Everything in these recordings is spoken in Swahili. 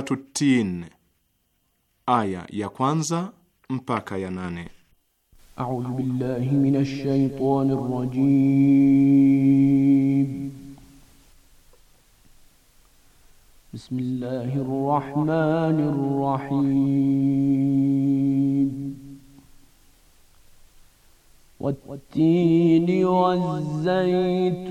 Suratu Tin, aya ya kwanza mpaka ya nane. A'udhu billahi minash shaitani rajim. Bismillahir rahmanir rahim. Wat-tini waz-zaytun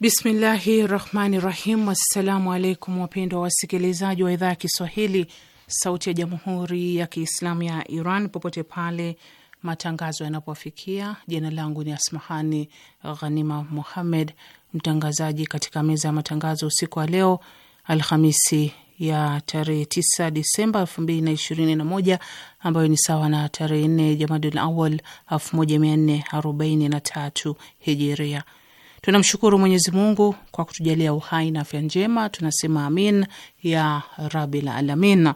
Bismillahi rahmani rahim. Assalamu alaikum wapendwa wasikilizaji wa idhaa ya Kiswahili sauti ya jamhuri ya Kiislamu ya Iran popote pale matangazo yanapofikia. Jina langu ni Asmahani Ghanima Muhammed, mtangazaji katika meza ya matangazo usiku wa leo Alhamisi ya tarehe 9 Disemba 2021 ambayo ni sawa na tarehe 4 Jamadul Awal 1443 Hijiria. Tunamshukuru Mwenyezi Mungu kwa kutujalia uhai na afya njema, tunasema amin ya rabil alamin.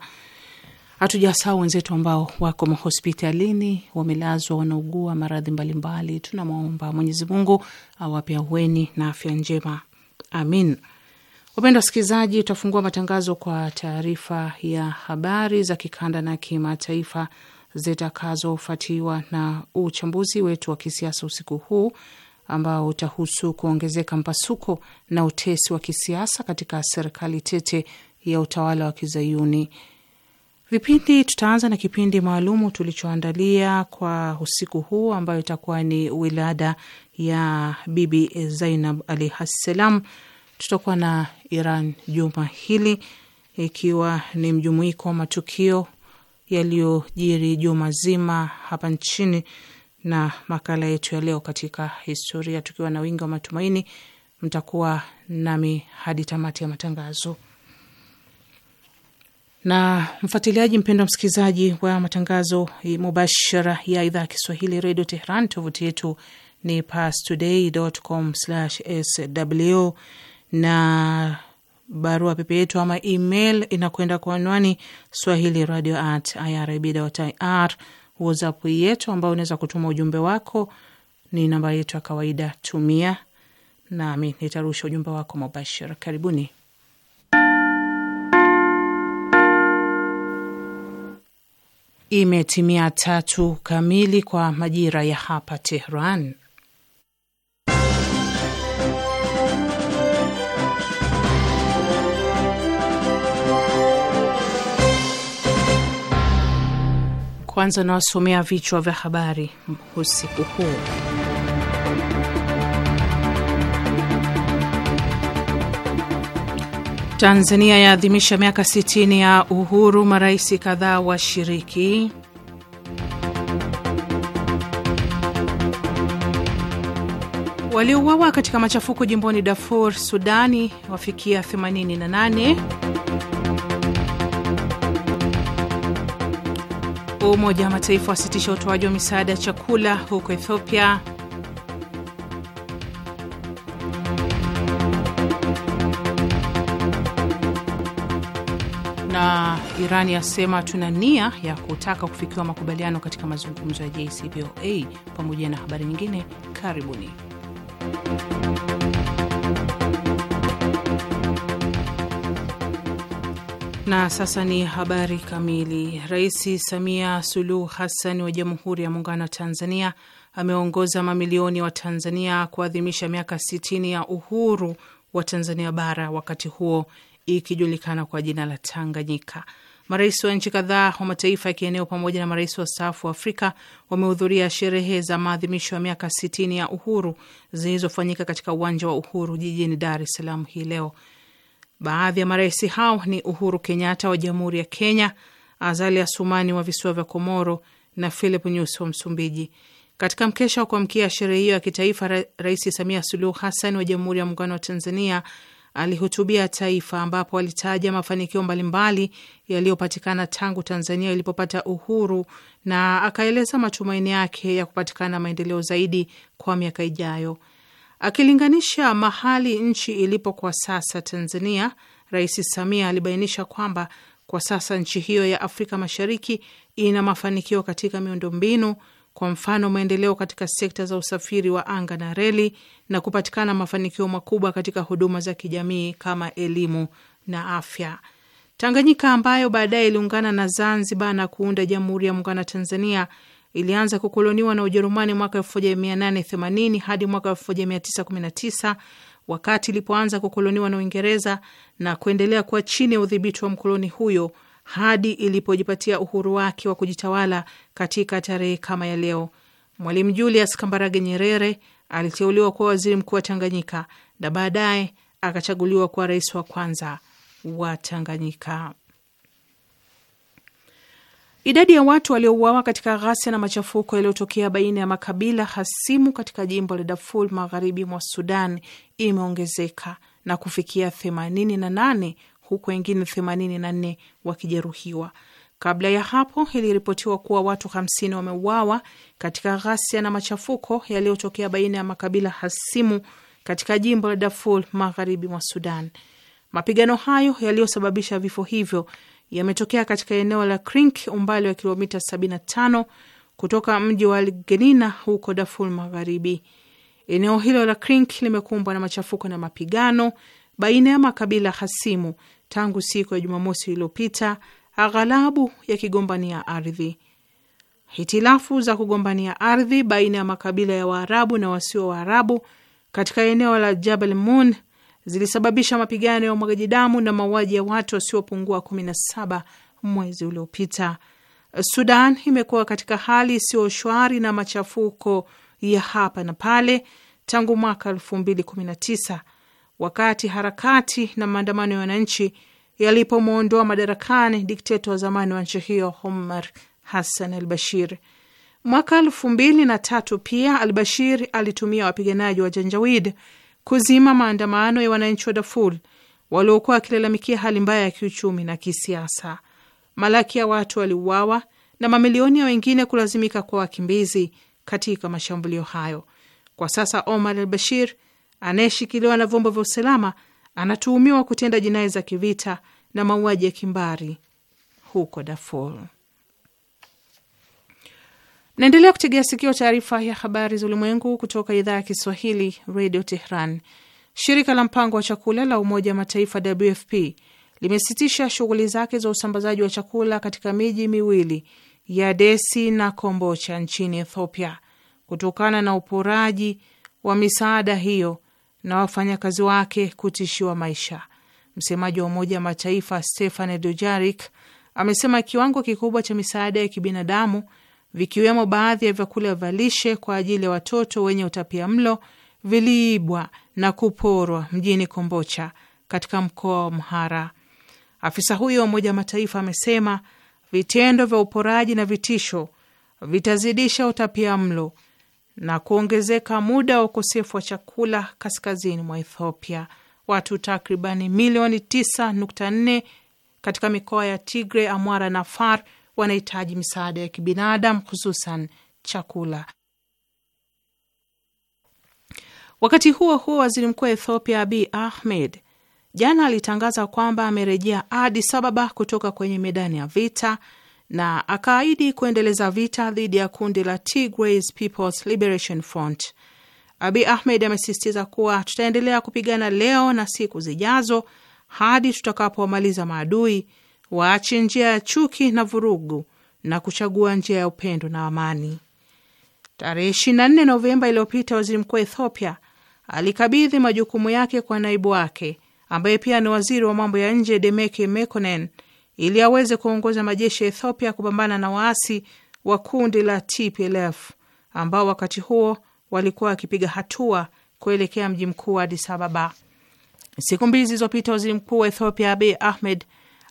Hatujasahau wenzetu ambao wako mahospitalini, wamelazwa, wanaugua maradhi mbalimbali. Tunamwomba Mwenyezi Mungu awape ahueni na afya njema, amin. Wapenda wasikilizaji, tutafungua matangazo kwa taarifa ya habari za kikanda na kimataifa zitakazofuatiwa na uchambuzi wetu wa kisiasa usiku huu ambao utahusu kuongezeka mpasuko na utesi wa kisiasa katika serikali tete ya utawala wa kizayuni. Vipindi tutaanza na kipindi maalumu tulichoandalia kwa usiku huu ambayo itakuwa ni wilada ya Bibi Zainab alahsalam Tutakuwa na Iran juma hili, ikiwa ni mjumuiko wa matukio yaliyojiri juma zima hapa nchini na makala yetu ya leo katika historia, tukiwa na wingi wa matumaini mtakuwa nami hadi tamati ya matangazo. Na mfuatiliaji mpendwa, msikilizaji wa matangazo mubashara ya idhaa ya Kiswahili redio Tehran, tovuti yetu ni pastoday.com/sw na barua pepe yetu ama email inakwenda kwa anwani swahili radio at irib.ir WhatsApp yetu ambao unaweza kutuma ujumbe wako, ni namba yetu ya kawaida, tumia nami nitarusha ujumbe wako mubashara. Karibuni. Imetimia tatu kamili kwa majira ya hapa Tehran. Kwanza nawasomea vichwa vya habari usiku huu. Tanzania yaadhimisha miaka 60 ya uhuru, marais kadhaa washiriki. Waliouawa katika machafuko jimboni Darfur, Sudani wafikia 88. Umoja wa Mataifa wasitisha utoaji wa misaada ya chakula huko Ethiopia. Na Iran yasema tuna nia ya kutaka kufikiwa makubaliano katika mazungumzo ya JCPOA pamoja na habari nyingine. Karibuni. Na sasa ni habari kamili. Rais Samia Suluhu Hassan wa Jamhuri ya Muungano wa Tanzania ameongoza mamilioni wa tanzania kuadhimisha miaka sitini ya uhuru wa Tanzania Bara, wakati huo ikijulikana kwa jina la Tanganyika. Marais wa nchi kadhaa wa mataifa ya kieneo pamoja na marais wa staafu wa Afrika wamehudhuria sherehe za maadhimisho ya miaka sitini ya uhuru zilizofanyika katika uwanja wa Uhuru jijini Dar es Salaam hii leo. Baadhi ya marais hao ni Uhuru Kenyatta wa Jamhuri ya Kenya, Azali Asumani wa visiwa vya Komoro na Philip Nyusi wa Msumbiji. Katika mkesha wa kuamkia sherehe hiyo ya kitaifa, Rais Samia Suluhu Hassan wa Jamhuri ya Muungano wa Tanzania alihutubia taifa ambapo alitaja mafanikio mbalimbali yaliyopatikana tangu Tanzania ilipopata uhuru na akaeleza matumaini yake ya kupatikana maendeleo zaidi kwa miaka ijayo. Akilinganisha mahali nchi ilipo kwa sasa Tanzania, Rais Samia alibainisha kwamba kwa sasa nchi hiyo ya Afrika Mashariki ina mafanikio katika miundombinu, kwa mfano maendeleo katika sekta za usafiri wa anga na reli na kupatikana mafanikio makubwa katika huduma za kijamii kama elimu na afya. Tanganyika ambayo baadaye iliungana na Zanzibar na kuunda Jamhuri ya Muungano wa Tanzania ilianza kukoloniwa na Ujerumani mwaka 1880 hadi mwaka 1919 wakati ilipoanza kukoloniwa na Uingereza na kuendelea kuwa chini ya udhibiti wa mkoloni huyo hadi ilipojipatia uhuru wake wa kujitawala katika tarehe kama ya leo. Mwalimu Julius Kambarage Nyerere aliteuliwa kuwa waziri mkuu wa Tanganyika na baadaye akachaguliwa kuwa rais wa kwanza wa Tanganyika. Idadi ya watu waliouawa katika ghasia na machafuko yaliyotokea baina ya makabila hasimu katika jimbo la Darfur magharibi mwa Sudan imeongezeka na kufikia 88 huku wengine 84 wakijeruhiwa. Kabla ya hapo iliripotiwa kuwa watu 50 wameuawa katika ghasia na machafuko yaliyotokea baina ya makabila hasimu katika jimbo la Darfur magharibi mwa Sudan. Mapigano hayo yaliyosababisha vifo hivyo yametokea katika eneo la Krink umbali wa kilomita 75 kutoka mji wa Algenina huko Darfur Magharibi. Eneo hilo la Krink limekumbwa na machafuko na mapigano baina ya makabila hasimu tangu siku ya Jumamosi iliyopita, aghalabu yakigombania ardhi. Hitilafu za kugombania ardhi baina ya makabila ya Waarabu na wasio Waarabu katika eneo la Jabal Moon zilisababisha mapigano ya umwagaji damu na mauaji ya watu wasiopungua 17 mwezi uliopita. Sudan imekuwa katika hali isiyo shwari na machafuko ya hapa na pale tangu mwaka 2019 wakati harakati na maandamano ya wananchi yalipomwondoa madarakani dikteta wa zamani wa nchi hiyo Omar Hassan al Bashir. Mwaka elfu mbili na tatu pia al Bashir alitumia wapiganaji wa Janjawid kuzima maandamano ya wananchi wa Darfur waliokuwa wakilalamikia hali mbaya ya kiuchumi na kisiasa. Malaki ya watu waliuawa na mamilioni ya wengine kulazimika kuwa wakimbizi katika mashambulio hayo. Kwa sasa Omar al Bashir anayeshikiliwa na vyombo vya usalama anatuhumiwa kutenda jinai za kivita na mauaji ya kimbari huko Darfur. Naendelea kutegea sikio taarifa ya habari za ulimwengu kutoka idhaa ya Kiswahili redio Tehran. Shirika la mpango wa chakula la Umoja wa Mataifa WFP limesitisha shughuli zake za usambazaji wa chakula katika miji miwili ya Desi na Kombocha nchini Ethiopia kutokana na uporaji wa misaada hiyo na wafanyakazi wake kutishiwa maisha. Msemaji wa Umoja wa Mataifa Stefan Dujarik amesema kiwango kikubwa cha misaada ya kibinadamu vikiwemo baadhi ya vyakula vya lishe kwa ajili ya watoto wenye utapia mlo viliibwa na kuporwa mjini Kombocha katika mkoa wa Mhara. Afisa huyo wa Umoja wa Mataifa amesema vitendo vya uporaji na vitisho vitazidisha utapia mlo na kuongezeka muda wa ukosefu wa chakula kaskazini mwa Ethiopia. Watu takribani milioni 9.4 katika mikoa ya Tigre, Amwara na Far wanahitaji misaada ya kibinadamu, hususan chakula. Wakati huo huo, waziri mkuu wa Ethiopia Abiy Ahmed jana alitangaza kwamba amerejea Addis Ababa kutoka kwenye medani ya vita na akaahidi kuendeleza vita dhidi ya kundi la Tigray People's Liberation Front. Abiy Ahmed amesisitiza kuwa tutaendelea kupigana leo na siku zijazo hadi tutakapomaliza maadui waache njia ya chuki na vurugu na kuchagua njia ya upendo na amani. Tarehe 24 Novemba iliyopita, waziri mkuu wa Ethiopia alikabidhi majukumu yake kwa naibu wake ambaye pia ni waziri wa mambo ya nje Demeke Mekonen ili aweze kuongoza majeshi ya Ethiopia kupambana na waasi wa kundi la TPLF ambao wakati huo walikuwa wakipiga hatua kuelekea mji mkuu wa adisababa Ababa. Siku mbili zilizopita, waziri mkuu wa Ethiopia Abiy Ahmed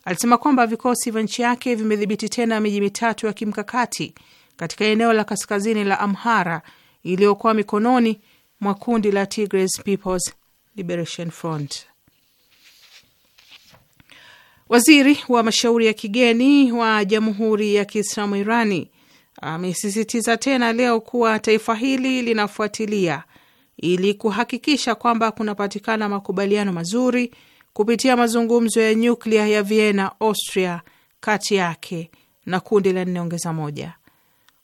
alisema kwamba vikosi vya nchi yake vimedhibiti tena miji mitatu ya kimkakati katika eneo la kaskazini la Amhara iliyokuwa mikononi mwa kundi la Tigray People's Liberation Front. Waziri wa mashauri ya kigeni wa Jamhuri ya Kiislamu Irani amesisitiza tena leo kuwa taifa hili linafuatilia ili kuhakikisha kwamba kunapatikana makubaliano mazuri kupitia mazungumzo ya nyuklia ya Vienna, Austria, kati yake na kundi la nne ongeza moja.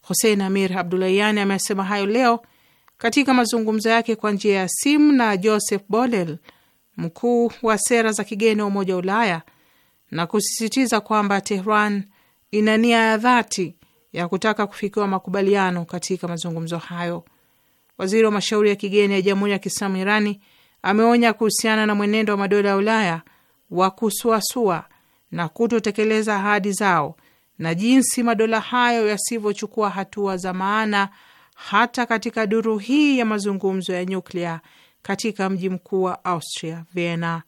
Hussein Amir Abdulayani amesema hayo leo katika mazungumzo yake kwa njia ya simu na Joseph Borrell, mkuu wa sera za kigeni wa Umoja wa Ulaya, na kusisitiza kwamba Tehran ina nia ya dhati ya kutaka kufikiwa makubaliano katika mazungumzo hayo. Waziri wa mashauri ya kigeni ya Jamhuri ya Kiislamu Irani ameonya kuhusiana na mwenendo wa madola ya Ulaya wa kusuasua na kutotekeleza ahadi zao na jinsi madola hayo yasivyochukua hatua za maana hata katika duru hii ya mazungumzo ya nyuklia katika mji mkuu wa Austria, Vienna.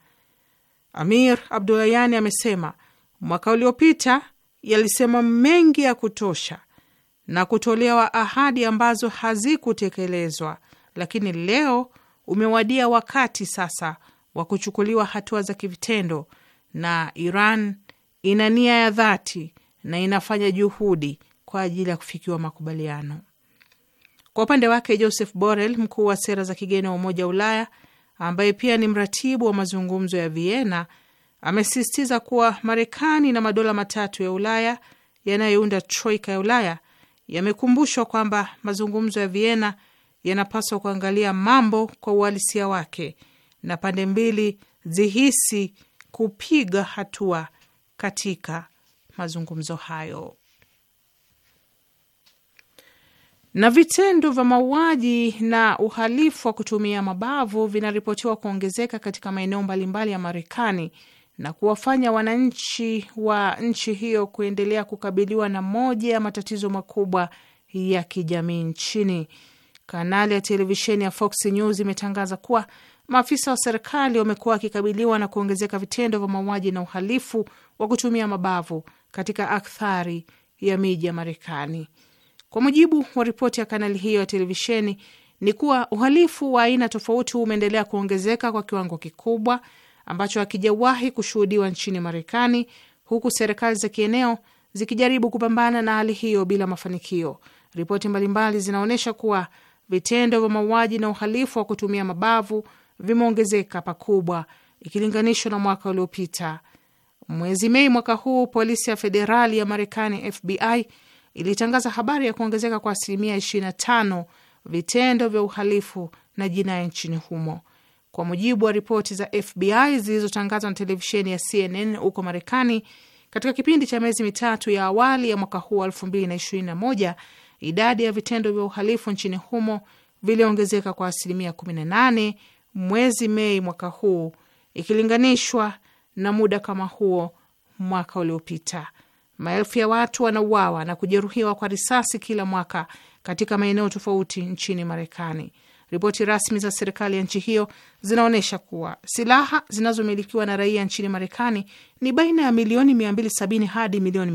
Amir Abdulayani amesema mwaka uliopita yalisema mengi ya kutosha na kutolewa ahadi ambazo hazikutekelezwa, lakini leo umewadia wakati sasa wa kuchukuliwa hatua za kivitendo, na Iran ina nia ya dhati na inafanya juhudi kwa ajili ya kufikiwa makubaliano. Kwa upande wake, Joseph Borrell, mkuu wa sera za kigeni wa Umoja wa Ulaya ambaye pia ni mratibu wa mazungumzo ya Vienna, amesisitiza kuwa Marekani na madola matatu ya Ulaya yanayounda troika ya Ulaya yamekumbushwa kwamba mazungumzo ya Vienna yanapaswa kuangalia mambo kwa uhalisia wake na pande mbili zihisi kupiga hatua katika mazungumzo hayo. Na vitendo vya mauaji na uhalifu wa kutumia mabavu vinaripotiwa kuongezeka katika maeneo mbalimbali ya Marekani na kuwafanya wananchi wa nchi hiyo kuendelea kukabiliwa na moja ya matatizo makubwa ya kijamii nchini. Kanali ya televisheni ya Fox News imetangaza kuwa maafisa wa serikali wamekuwa wakikabiliwa na kuongezeka vitendo vya mauaji na uhalifu wa kutumia mabavu katika akthari ya miji ya Marekani. Kwa mujibu wa ripoti ya kanali hiyo ya televisheni, ni kuwa uhalifu wa aina tofauti umeendelea kuongezeka kwa kiwango kikubwa ambacho hakijawahi kushuhudiwa nchini Marekani, huku serikali za kieneo zikijaribu kupambana na hali hiyo bila mafanikio. Ripoti mbalimbali zinaonyesha kuwa vitendo vya mauaji na uhalifu wa kutumia mabavu vimeongezeka pakubwa ikilinganishwa na mwaka uliopita. Mwezi Mei mwaka huu, polisi ya federali ya Marekani, FBI, ilitangaza habari ya kuongezeka kwa asilimia 25 vitendo vya uhalifu na jinai nchini humo. Kwa mujibu wa ripoti za FBI zilizotangazwa na televisheni ya CNN huko Marekani, katika kipindi cha miezi mitatu ya awali ya mwaka huu wa 2021 idadi ya vitendo vya uhalifu nchini humo viliongezeka kwa asilimia 18 mwezi Mei mwaka huu ikilinganishwa na muda kama huo mwaka uliopita. Maelfu ya watu wanauawa na kujeruhiwa kwa risasi kila mwaka katika maeneo tofauti nchini Marekani. Ripoti rasmi za serikali ya nchi hiyo zinaonyesha kuwa silaha zinazomilikiwa na raia nchini Marekani ni baina ya milioni 270 hadi milioni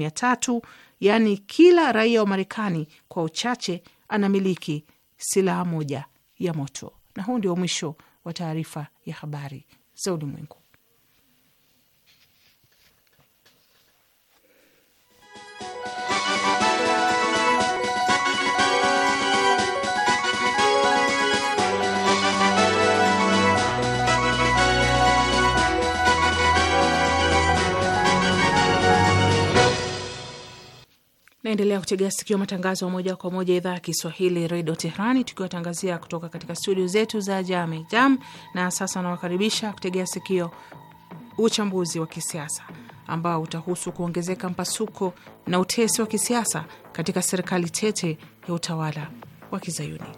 yaani kila raia wa Marekani kwa uchache anamiliki silaha moja ya moto. Na huu ndio mwisho wa taarifa ya habari za ulimwengu. Naendelea kutegea sikio matangazo ya moja kwa moja idhaa ya Kiswahili redio Tehrani, tukiwatangazia kutoka katika studio zetu za Jame Jam. Na sasa nawakaribisha kutegea sikio uchambuzi wa kisiasa ambao utahusu kuongezeka mpasuko na utesi wa kisiasa katika serikali tete ya utawala wa Kizayuni.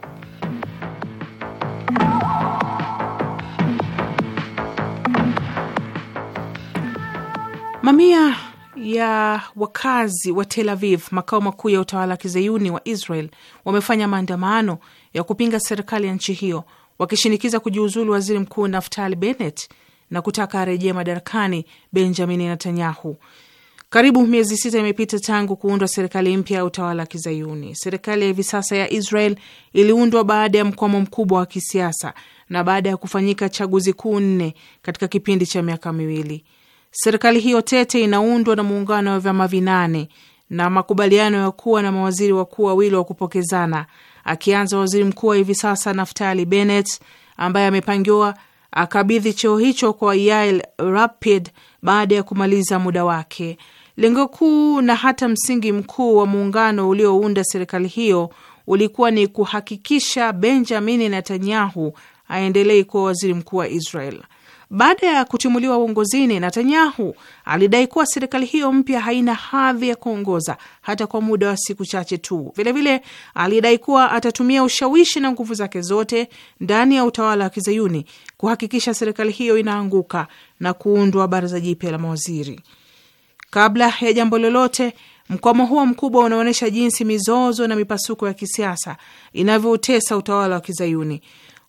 Mamia ya wakazi wa Tel Aviv, makao makuu ya utawala wa kizeyuni wa Israel, wamefanya maandamano ya kupinga serikali ya nchi hiyo, wakishinikiza kujiuzulu waziri mkuu Naftali Bennett na kutaka arejee madarakani Benjamin Netanyahu. Karibu miezi sita imepita tangu kuundwa serikali mpya ya utawala wa kizayuni. Serikali ya hivi sasa ya Israel iliundwa baada ya mkwamo mkubwa wa kisiasa na baada ya kufanyika chaguzi kuu nne katika kipindi cha miaka miwili. Serikali hiyo tete inaundwa na muungano wa vyama vinane na makubaliano ya kuwa na mawaziri wakuu wawili wa kupokezana, akianza waziri mkuu wa hivi sasa Naftali Bennett ambaye amepangiwa akabidhi cheo hicho kwa Yair rapid baada ya kumaliza muda wake. Lengo kuu na hata msingi mkuu wa muungano uliounda serikali hiyo ulikuwa ni kuhakikisha Benjamin Netanyahu aendelei kuwa waziri mkuu wa Israel. Baada ya kutimuliwa uongozini, Netanyahu alidai kuwa serikali hiyo mpya haina hadhi ya kuongoza hata kwa muda wa siku chache tu. Vilevile alidai kuwa atatumia ushawishi na nguvu zake zote ndani ya utawala wa kizayuni kuhakikisha serikali hiyo inaanguka na kuundwa baraza jipya la mawaziri. Kabla ya jambo lolote, mkwamo huo mkubwa unaonyesha jinsi mizozo na mipasuko ya kisiasa inavyotesa utawala wa kizayuni.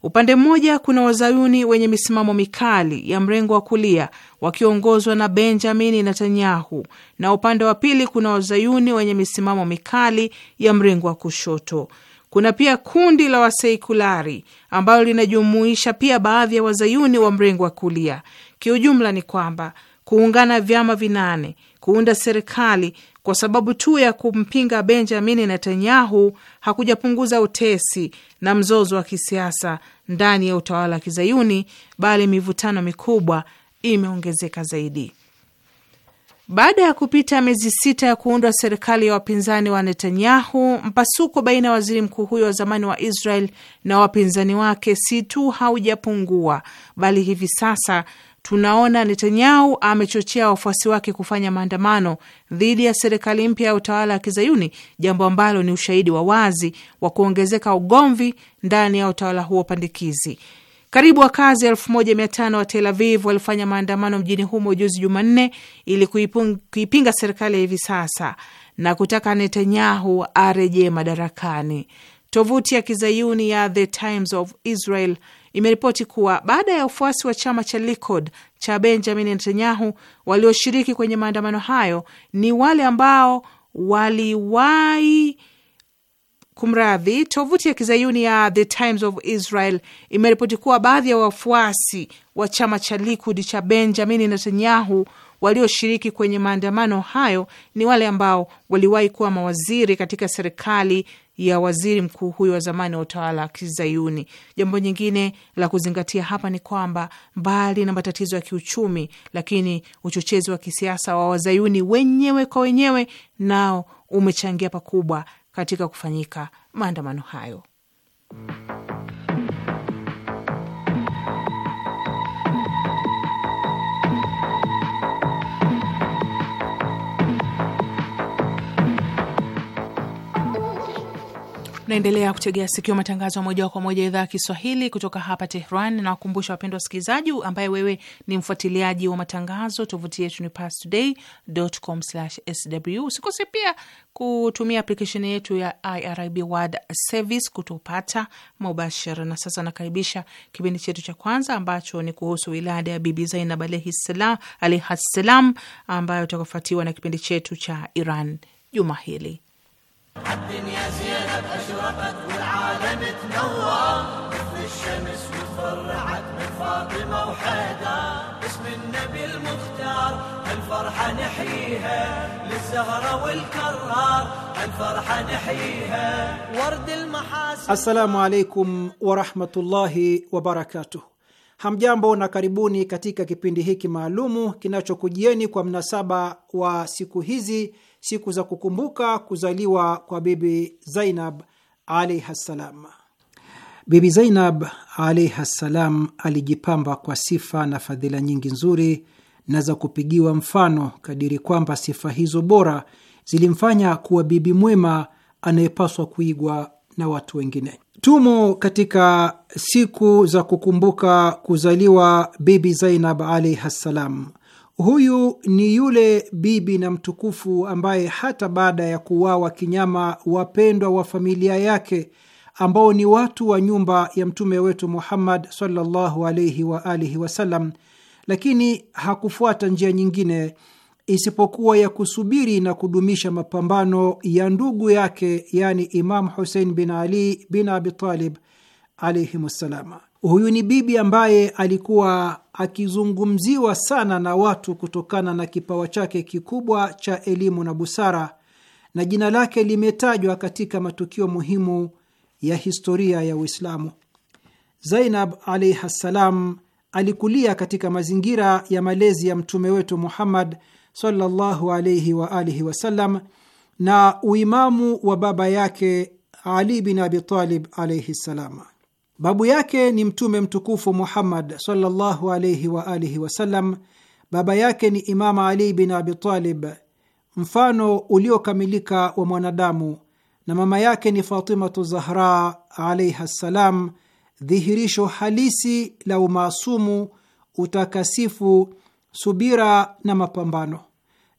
Upande mmoja kuna wazayuni wenye misimamo mikali ya mrengo wa kulia wakiongozwa na Benjamini Netanyahu, na upande wa pili kuna wazayuni wenye misimamo mikali ya mrengo wa kushoto. Kuna pia kundi la waseikulari ambalo linajumuisha pia baadhi ya wazayuni wa mrengo wa kulia. Kiujumla ni kwamba kuungana vyama vinane, kuunda serikali, kwa sababu tu ya kumpinga Benjamin Netanyahu hakujapunguza utesi na mzozo wa kisiasa ndani ya utawala wa Kizayuni, bali mivutano mikubwa imeongezeka zaidi. Baada ya kupita miezi sita ya kuundwa serikali ya wapinzani wa Netanyahu, mpasuko baina ya waziri mkuu huyo wa zamani wa Israel na wapinzani wake si tu haujapungua, bali hivi sasa tunaona Netanyahu amechochea wafuasi wake kufanya maandamano dhidi ya serikali mpya ya utawala wa Kizayuni, jambo ambalo ni ushahidi wa wazi wa kuongezeka ugomvi ndani ya utawala huo pandikizi. Karibu wakazi elfu moja mia tano wa Tel Aviv walifanya maandamano mjini humo juzi Jumanne ili kuipinga serikali ya hivi sasa na kutaka Netanyahu arejee madarakani. Tovuti ya Kizayuni ya The Times of Israel imeripoti kuwa baada ya wafuasi wa chama cha Likud cha Benjamin Netanyahu walioshiriki kwenye maandamano hayo ni wale ambao waliwahi Kumradhi, tovuti ya kizayuni ya The Times of Israel imeripoti kuwa baadhi ya wafuasi wa chama cha Likud cha Benjamin Netanyahu walioshiriki kwenye maandamano hayo ni wale ambao waliwahi kuwa mawaziri katika serikali ya waziri mkuu huyo wa zamani wa utawala wa Kizayuni. Jambo nyingine la kuzingatia hapa ni kwamba mbali na matatizo ya kiuchumi, lakini uchochezi wa kisiasa wa wazayuni wenyewe kwa wenyewe nao umechangia pakubwa katika kufanyika maandamano hayo. Naendelea kutegea sikio matangazo ya moja kwa moja idhaa ya Kiswahili kutoka hapa Tehran, na wakumbusha wapendwa wasikilizaji, ambaye wewe ni mfuatiliaji wa matangazo, tovuti yetu ni pastoday.com/sw. Usikose pia kutumia aplikesheni yetu ya IRIB World Service kutupata mubashara. Na sasa nakaribisha kipindi chetu cha kwanza ambacho ni kuhusu wilada ya Bibi Zainab alaihissalam, ambayo utakafuatiwa na kipindi chetu cha Iran juma hili. الدنيا زينب أشرقت والعالم تنور مثل الشمس وتفرعت من فاطمة وحيدر اسم النبي المختار الفرحة نحييها للزهرة والكرار الفرحة نحييها ورد المحاسن السلام عليكم ورحمة الله وبركاته Hamjambo na karibuni katika kipindi hiki maalumu kinachokujieni kwa mnasaba wa siku hizi siku za kukumbuka kuzaliwa kwa Bibi Zainab alaihi ssalam. Bibi Zainab alaihi ssalam alijipamba kwa sifa na fadhila nyingi nzuri na za kupigiwa mfano, kadiri kwamba sifa hizo bora zilimfanya kuwa bibi mwema anayepaswa kuigwa na watu wengine. Tumo katika siku za kukumbuka kuzaliwa Bibi Zainab alaihi ssalam Huyu ni yule bibi na mtukufu ambaye hata baada ya kuuawa kinyama wapendwa wa familia yake ambao ni watu wa nyumba ya mtume wetu Muhammad sallallahu alaihi wa alihi wasallam, lakini hakufuata njia nyingine isipokuwa ya kusubiri na kudumisha mapambano ya ndugu yake, yaani Imam Husein bin Ali bin Abi Talib alaihim ssalama. Huyu ni bibi ambaye alikuwa akizungumziwa sana na watu kutokana na kipawa chake kikubwa cha elimu na busara, na jina lake limetajwa katika matukio muhimu ya historia ya Uislamu. Zainab alaihi ssalam alikulia katika mazingira ya malezi ya mtume wetu Muhammad sallallahu alaihi wa alihi wasallam na uimamu wa baba yake Ali bin Abi Talib alaihi ssalam. Babu yake ni Mtume mtukufu Muhammad sallallahu alaihi wa alihi wasallam. Baba yake ni Imama Ali bin Abitalib, mfano uliokamilika wa mwanadamu, na mama yake ni Fatimatu Zahra alaiha ssalam, dhihirisho halisi la umaasumu, utakasifu, subira na mapambano.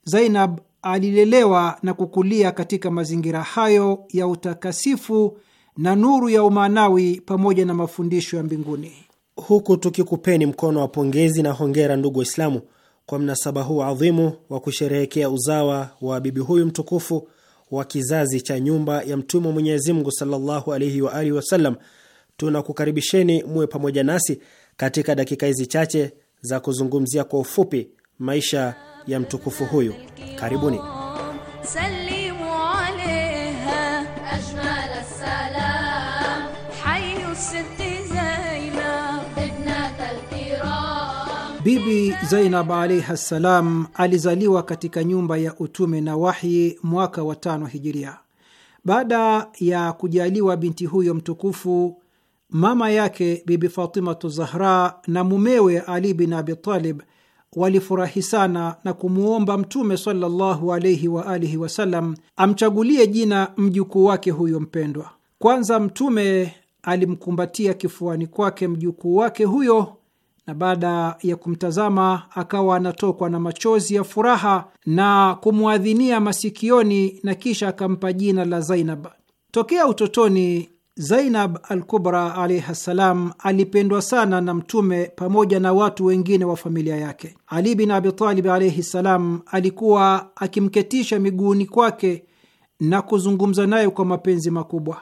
Zainab alilelewa na kukulia katika mazingira hayo ya utakasifu na nuru ya umaanawi pamoja na mafundisho ya mbinguni. Huku tukikupeni mkono wa pongezi na hongera, ndugu Waislamu, kwa mnasaba huu adhimu wa kusherehekea uzawa wa bibi huyu mtukufu wa kizazi cha nyumba ya Mtume wa Mwenyezi Mungu sallallahu alaihi wa alihi wasallam, tunakukaribisheni muwe pamoja nasi katika dakika hizi chache za kuzungumzia kwa ufupi maisha ya mtukufu huyu. Karibuni. Bibi Zainab alaihi ssalam alizaliwa katika nyumba ya utume na wahi mwaka wa tano hijiria. Baada ya kujaliwa binti huyo mtukufu, mama yake Bibi Fatimatu Zahra na mumewe Ali bin Abitalib walifurahi sana na kumwomba Mtume sallallahu alaihi wa alihi wasallam amchagulie jina mjukuu wake huyo mpendwa. Kwanza Mtume alimkumbatia kifuani kwake mjukuu wake huyo na baada ya kumtazama akawa anatokwa na machozi ya furaha na kumwadhinia masikioni, na kisha akampa jina la Zainab. Tokea utotoni, Zainab al-Kubra alaihi ssalam alipendwa sana na Mtume pamoja na watu wengine wa familia yake. Ali bin Abitalib alaihi ssalam alikuwa akimketisha miguuni kwake na kuzungumza naye kwa mapenzi makubwa.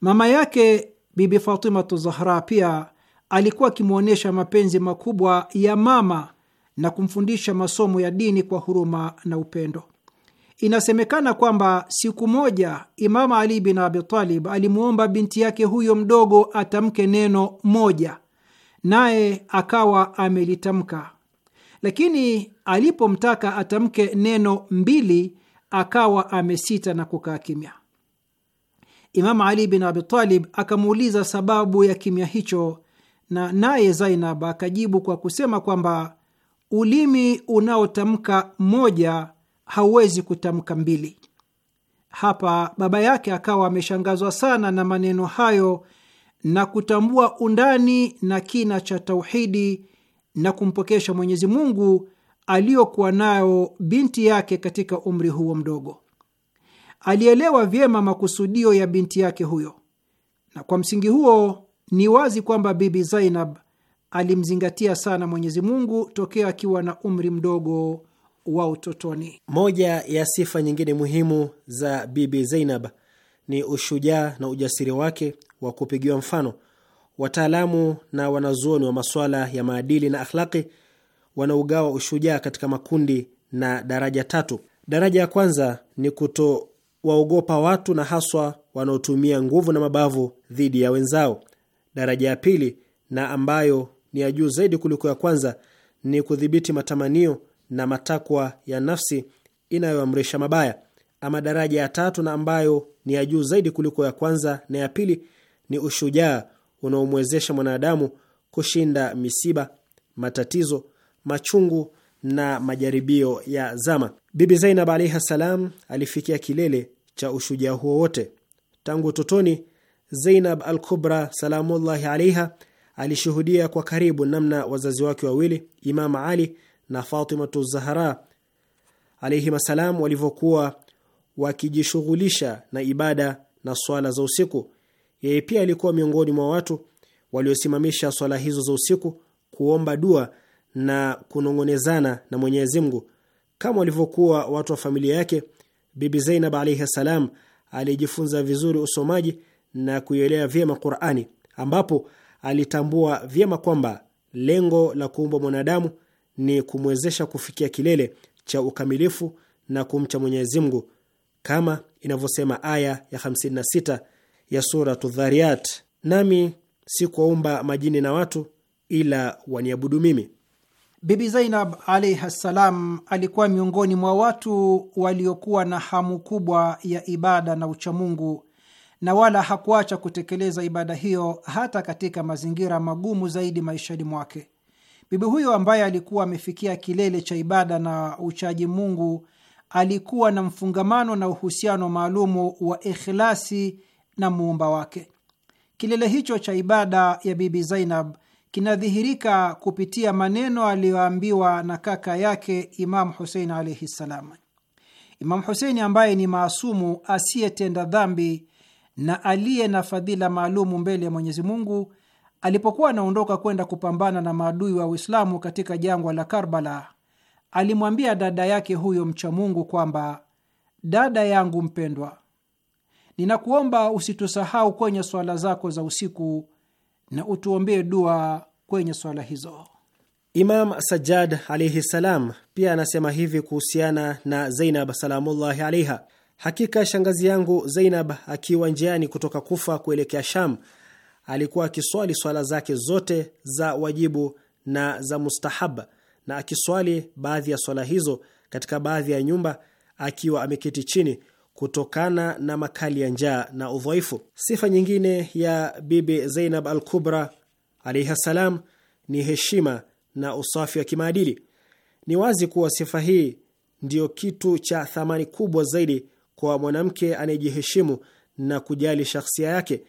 Mama yake Bibi Fatimatu Zahra pia alikuwa akimwonyesha mapenzi makubwa ya mama na kumfundisha masomo ya dini kwa huruma na upendo. Inasemekana kwamba siku moja Imama Ali bin Abi Talib alimwomba binti yake huyo mdogo atamke neno moja, naye akawa amelitamka, lakini alipomtaka atamke neno mbili akawa amesita na kukaa kimya. Imamu Ali bin Abi Talib akamuuliza sababu ya kimya hicho, na naye Zainab akajibu kwa kusema kwamba ulimi unaotamka moja hauwezi kutamka mbili. Hapa baba yake akawa ameshangazwa sana na maneno hayo na kutambua undani na kina cha tauhidi na kumpokesha Mwenyezi Mungu aliyokuwa nayo binti yake katika umri huo mdogo. Alielewa vyema makusudio ya binti yake huyo, na kwa msingi huo ni wazi kwamba Bibi Zainab alimzingatia sana Mwenyezi Mungu tokea akiwa na umri mdogo wa utotoni. Moja ya sifa nyingine muhimu za Bibi Zainab ni ushujaa na ujasiri wake wa kupigiwa mfano. Wataalamu na wanazuoni wa masuala ya maadili na akhlaki wanaugawa ushujaa katika makundi na daraja tatu. Daraja ya kwanza ni kutowaogopa watu na haswa wanaotumia nguvu na mabavu dhidi ya wenzao daraja ya pili na ambayo ni ya juu zaidi kuliko ya kwanza ni kudhibiti matamanio na matakwa ya nafsi inayoamrisha mabaya. Ama daraja ya tatu na ambayo ni ya juu zaidi kuliko ya kwanza na ya pili ni ushujaa unaomwezesha mwanadamu kushinda misiba, matatizo, machungu na majaribio ya zama. Bibi Zainab alaihi salam alifikia kilele cha ushujaa huo wote tangu utotoni. Zeinab al Kubra salamullahi alaiha alishuhudia kwa karibu namna wazazi wake wawili Imam Ali na Fatimatu Zahara alaihim assalam walivyokuwa wakijishughulisha na ibada na swala za usiku. Yeye pia alikuwa miongoni mwa watu waliosimamisha swala hizo za usiku kuomba dua na kunong'onezana na Mwenyezi Mungu kama walivyokuwa watu wa familia yake. Bibi Zainab alaihi salam alijifunza vizuri usomaji na kuielewa vyema Qur'ani, ambapo alitambua vyema kwamba lengo la kuumbwa mwanadamu ni kumwezesha kufikia kilele cha ukamilifu na kumcha Mwenyezi Mungu kama inavyosema aya ya 56 ya suratu Dhariyat, nami si kuwaumba majini na watu ila waniabudu mimi. Bibi Zainab alaihi ssalam alikuwa miongoni mwa watu waliokuwa na hamu kubwa ya ibada na uchamungu na wala hakuacha kutekeleza ibada hiyo hata katika mazingira magumu zaidi maishani mwake. Bibi huyo ambaye alikuwa amefikia kilele cha ibada na uchaji Mungu alikuwa na mfungamano na uhusiano maalumu wa ikhlasi na muumba wake. Kilele hicho cha ibada ya Bibi Zainab kinadhihirika kupitia maneno aliyoambiwa na kaka yake Imamu Husein alaihi ssalam. Imamu huseini ambaye ni maasumu asiyetenda dhambi na aliye na fadhila maalumu mbele ya Mwenyezi Mungu alipokuwa anaondoka kwenda kupambana na maadui wa Uislamu katika jangwa la Karbala, alimwambia dada yake huyo mcha Mungu kwamba, dada yangu mpendwa, ninakuomba usitusahau kwenye swala zako za usiku na utuombee dua kwenye swala hizo. Imam Sajjad alaihi salam pia anasema hivi kuhusiana na Zainab salamullahi alaiha Hakika shangazi yangu Zainab akiwa njiani kutoka Kufa kuelekea Sham alikuwa akiswali swala zake zote za wajibu na za mustahab, na akiswali baadhi ya swala hizo katika baadhi ya nyumba akiwa ameketi chini kutokana na makali ya njaa na udhaifu. Sifa nyingine ya Bibi Zainab al Kubra alaihi salam ni heshima na usafi wa kimaadili. Ni wazi kuwa sifa hii ndiyo kitu cha thamani kubwa zaidi kwa mwanamke anayejiheshimu na kujali shakhsia yake.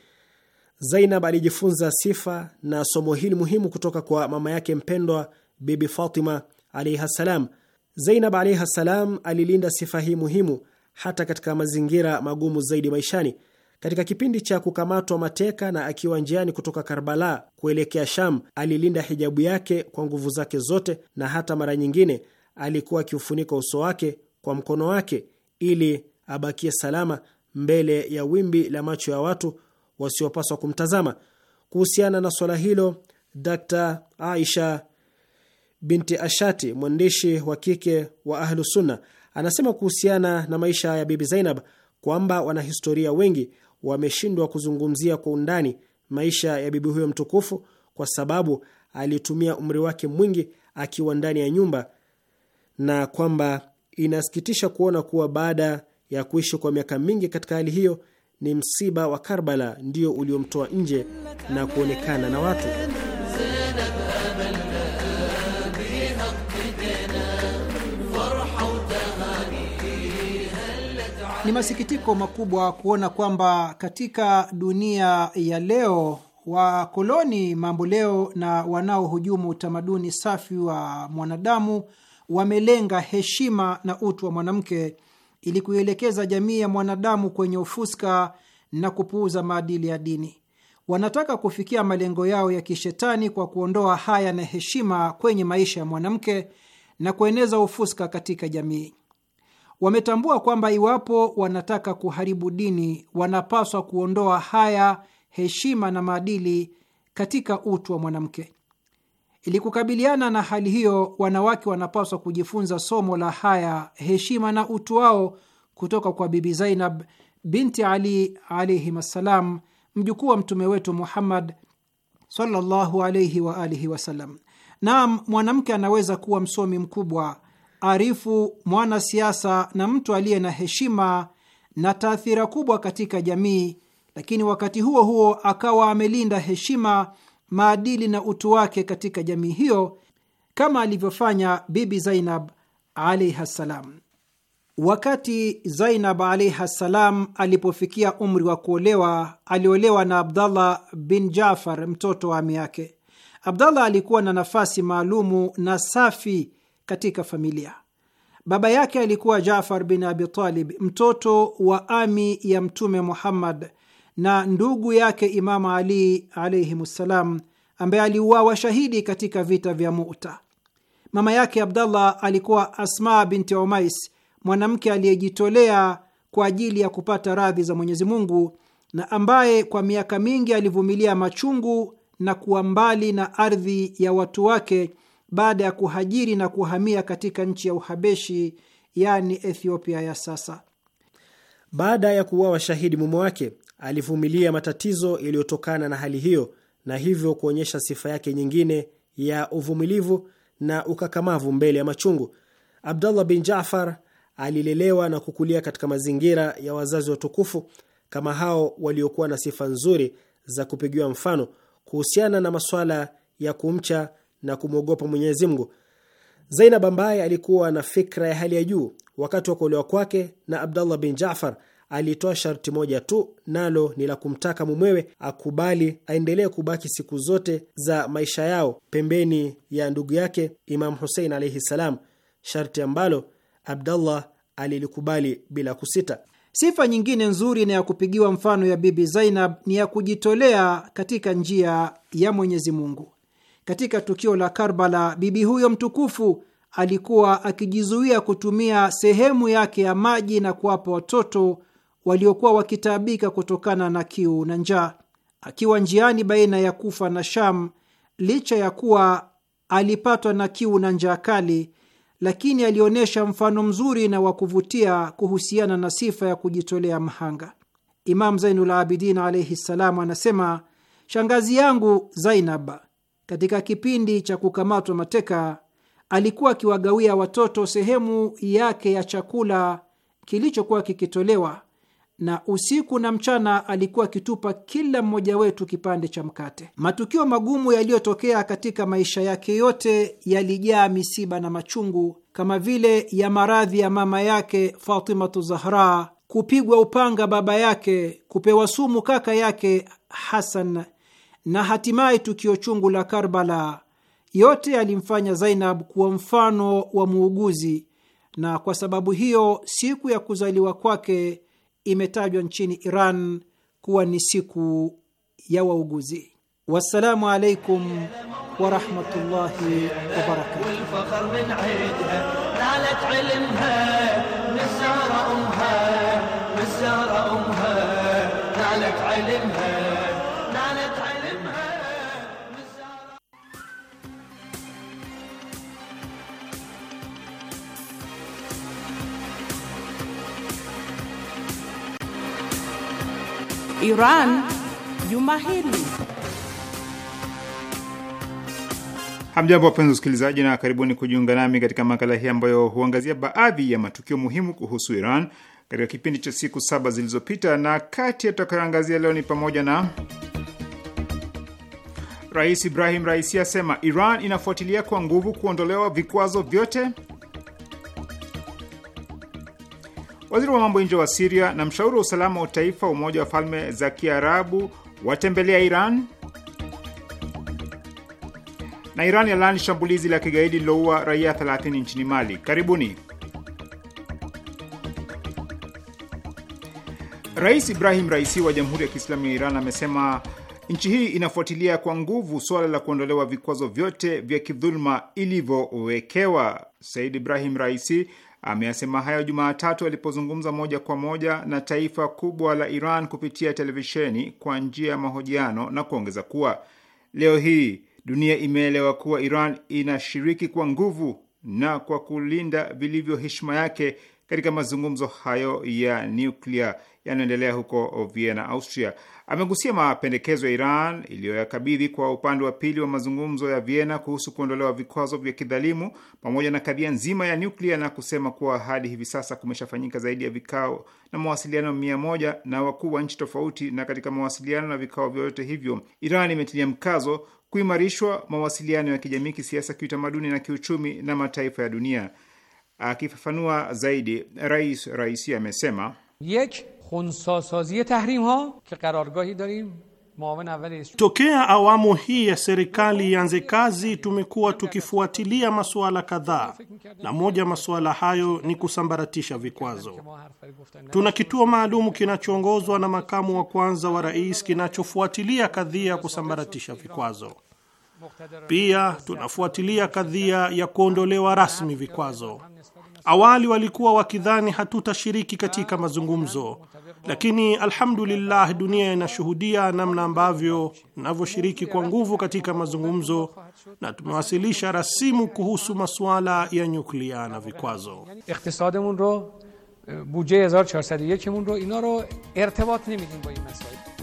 Zainab alijifunza sifa na somo hili muhimu kutoka kwa mama yake mpendwa Bibi Fatima alaihi ssalam. Zainab alaihi ssalam alilinda sifa hii muhimu hata katika mazingira magumu zaidi maishani. Katika kipindi cha kukamatwa mateka na akiwa njiani kutoka Karbala kuelekea Sham, alilinda hijabu yake kwa nguvu zake zote, na hata mara nyingine alikuwa akiufunika uso wake kwa mkono wake ili abakie salama mbele ya wimbi la macho ya watu wasiopaswa kumtazama. Kuhusiana na swala hilo, Dr Aisha binti Ashati, mwandishi wa kike wa Ahlusunna, anasema kuhusiana na maisha ya Bibi Zainab kwamba wanahistoria wengi wameshindwa kuzungumzia kwa undani maisha ya bibi huyo mtukufu kwa sababu alitumia umri wake mwingi akiwa ndani ya nyumba na kwamba inasikitisha kuona kuwa baada ya kuishi kwa miaka mingi katika hali hiyo, ni msiba wa Karbala ndio uliomtoa nje na kuonekana na watu. Ni masikitiko makubwa kuona kwamba katika dunia ya leo wakoloni mamboleo na wanaohujumu utamaduni safi wa mwanadamu wamelenga heshima na utu wa mwanamke ili kuielekeza jamii ya mwanadamu kwenye ufuska na kupuuza maadili ya dini. Wanataka kufikia malengo yao ya kishetani kwa kuondoa haya na heshima kwenye maisha ya mwanamke na kueneza ufuska katika jamii. Wametambua kwamba iwapo wanataka kuharibu dini, wanapaswa kuondoa haya, heshima na maadili katika utu wa mwanamke. Ili kukabiliana na hali hiyo, wanawake wanapaswa kujifunza somo la haya, heshima na utu wao kutoka kwa Bibi Zainab binti Ali alaihim assalam, mjukuu wa mtume wetu Muhammad sallallahu alaihi wa alihi wasallam. Naam, mwanamke anaweza kuwa msomi mkubwa, arifu, mwanasiasa na mtu aliye na heshima na taathira kubwa katika jamii, lakini wakati huo huo akawa amelinda heshima maadili na utu wake katika jamii hiyo kama alivyofanya Bibi Zainab alaihi ssalam. Wakati Zainab alaihi ssalam alipofikia umri wa kuolewa, aliolewa na Abdallah bin Jafar, mtoto wa ami yake. Abdallah alikuwa na nafasi maalumu na safi katika familia. Baba yake alikuwa Jafar bin Abi Talib, mtoto wa ami ya Mtume Muhammad na ndugu yake Imamu Ali ssalam ambaye aliuawa shahidi katika vita vya Muta. Mama yake Abdallah alikuwa Asma binti Umais, mwanamke aliyejitolea kwa ajili ya kupata radhi za Mwenyezi Mungu na ambaye kwa miaka mingi alivumilia machungu na kuwa mbali na ardhi ya watu wake baada ya kuhajiri na kuhamia katika nchi ya Uhabeshi, yaani Ethiopia ya sasa. Baada ya kuuawa shahidi mume wake, alivumilia matatizo yaliyotokana na hali hiyo na hivyo kuonyesha sifa yake nyingine ya uvumilivu na ukakamavu mbele ya machungu. abdullah bin Jafar alilelewa na kukulia katika mazingira ya wazazi watukufu kama hao waliokuwa na sifa nzuri za kupigiwa mfano kuhusiana na masuala ya kumcha na kumwogopa Mwenyezi Mungu. Zainab ambaye alikuwa na fikra ya hali ya juu wakati wa kuolewa kwake na abdullah bin Jafar alitoa sharti moja tu, nalo ni la kumtaka mumewe akubali aendelee kubaki siku zote za maisha yao pembeni ya ndugu yake Imam Husein alaihi salam, sharti ambalo Abdallah alilikubali bila kusita. Sifa nyingine nzuri na ya kupigiwa mfano ya Bibi Zainab ni ya kujitolea katika njia ya Mwenyezi Mungu. Katika tukio la Karbala, bibi huyo mtukufu alikuwa akijizuia kutumia sehemu yake ya maji na kuwapa watoto waliokuwa wakitaabika kutokana na kiu na njaa. Akiwa njiani baina ya Kufa na Sham, licha ya kuwa alipatwa na kiu na njaa kali, lakini alionyesha mfano mzuri na wa kuvutia kuhusiana na sifa ya kujitolea mhanga. Imam Zainul Abidin alaihi ssalam anasema, shangazi yangu Zainab katika kipindi cha kukamatwa mateka alikuwa akiwagawia watoto sehemu yake ya chakula kilichokuwa kikitolewa na usiku na mchana alikuwa akitupa kila mmoja wetu kipande cha mkate. Matukio magumu yaliyotokea katika maisha yake yote yalijaa misiba na machungu, kama vile ya maradhi ya mama yake Fatimatu Zahra, kupigwa upanga baba yake, kupewa sumu kaka yake Hasan na hatimaye tukio chungu la Karbala. Yote yalimfanya Zainab kuwa mfano wa muuguzi, na kwa sababu hiyo siku ya kuzaliwa kwake imetajwa nchini Iran kuwa ni siku ya wauguzi. Wassalamu alaikum warahmatullahi wabarakatuh. Iran juma hili. Hamjambo, wapenzi wasikilizaji, na karibuni kujiunga nami katika makala hii ambayo huangazia baadhi ya matukio muhimu kuhusu Iran katika kipindi cha siku saba zilizopita, na kati ya tutakayoangazia leo ni pamoja na Rais Ibrahim Raisi asema Iran inafuatilia kwa nguvu kuondolewa vikwazo vyote Waziri wa mambo nje wa Siria na mshauri wa usalama wa taifa wa Umoja wa Falme za Kiarabu watembelea Iran. Na Iran yalaani shambulizi la kigaidi lilouwa raia 30 nchini Mali. Karibuni. Rais Ibrahim Raisi wa Jamhuri ya Kiislamu ya Iran amesema Nchi hii inafuatilia kwa nguvu suala la kuondolewa vikwazo vyote vya kidhuluma ilivyowekewa. Said Ibrahim Raisi ameyasema hayo Jumatatu alipozungumza moja kwa moja na taifa kubwa la Iran kupitia televisheni kwa njia ya mahojiano na kuongeza kuwa leo hii dunia imeelewa kuwa Iran inashiriki kwa nguvu na kwa kulinda vilivyo heshima yake katika mazungumzo hayo ya nuklia yanayoendelea huko Vienna, Austria. Amegusia mapendekezo ya Iran iliyoyakabidhi kwa upande wa pili wa mazungumzo ya Vienna kuhusu kuondolewa vikwazo vya kidhalimu pamoja na kadhia nzima ya nuklia, na kusema kuwa hadi hivi sasa kumeshafanyika zaidi ya vikao na mawasiliano mia moja na wakuu wa nchi tofauti, na katika mawasiliano na vikao vyote hivyo Iran imetilia mkazo kuimarishwa mawasiliano ya kijamii, kisiasa, kiutamaduni na kiuchumi na mataifa ya dunia. Akifafanua zaidi, Rais Raisi amesema Tokea awamu hii ya serikali ianze kazi, tumekuwa tukifuatilia masuala kadhaa, na moja masuala hayo ni kusambaratisha vikwazo. Tuna kituo maalumu kinachoongozwa na makamu wa kwanza wa rais kinachofuatilia kadhia ya kusambaratisha vikwazo. Pia tunafuatilia kadhia ya kuondolewa rasmi vikwazo. Awali walikuwa wakidhani hatutashiriki katika mazungumzo, lakini alhamdulillah, dunia inashuhudia namna ambavyo navyoshiriki kwa nguvu katika mazungumzo na tumewasilisha rasimu kuhusu masuala ya nyuklia na vikwazo. 1401 mun ro ina eh, ro irtibat ba in masail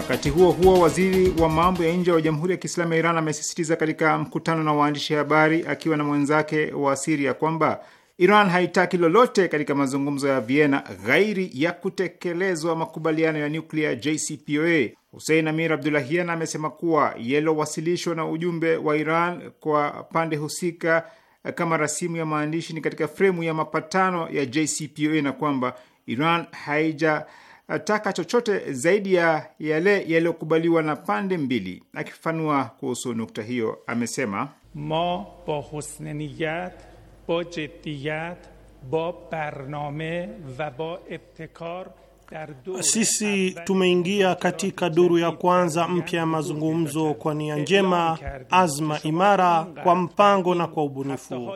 Wakati huo huo, waziri wa mambo ya nje wa Jamhuri ya Kiislamu ya Iran amesisitiza katika mkutano na waandishi habari akiwa na mwenzake wa Siria kwamba Iran haitaki lolote katika mazungumzo ya Vienna ghairi ya kutekelezwa makubaliano ya nyuklia JCPOA. Husein Amir Abdulahian amesema kuwa yaliyowasilishwa na ujumbe wa Iran kwa pande husika kama rasimu ya maandishi ni katika fremu ya mapatano ya JCPOA na kwamba Iran haija taka chochote zaidi ya yale yaliyokubaliwa na pande mbili. Akifafanua kuhusu nukta hiyo, amesema ma ba husne niyat ba jeddiyat ba barname va ba ibtikar sisi tumeingia katika duru ya kwanza mpya ya mazungumzo kwa nia njema, azma imara, kwa mpango na kwa ubunifu.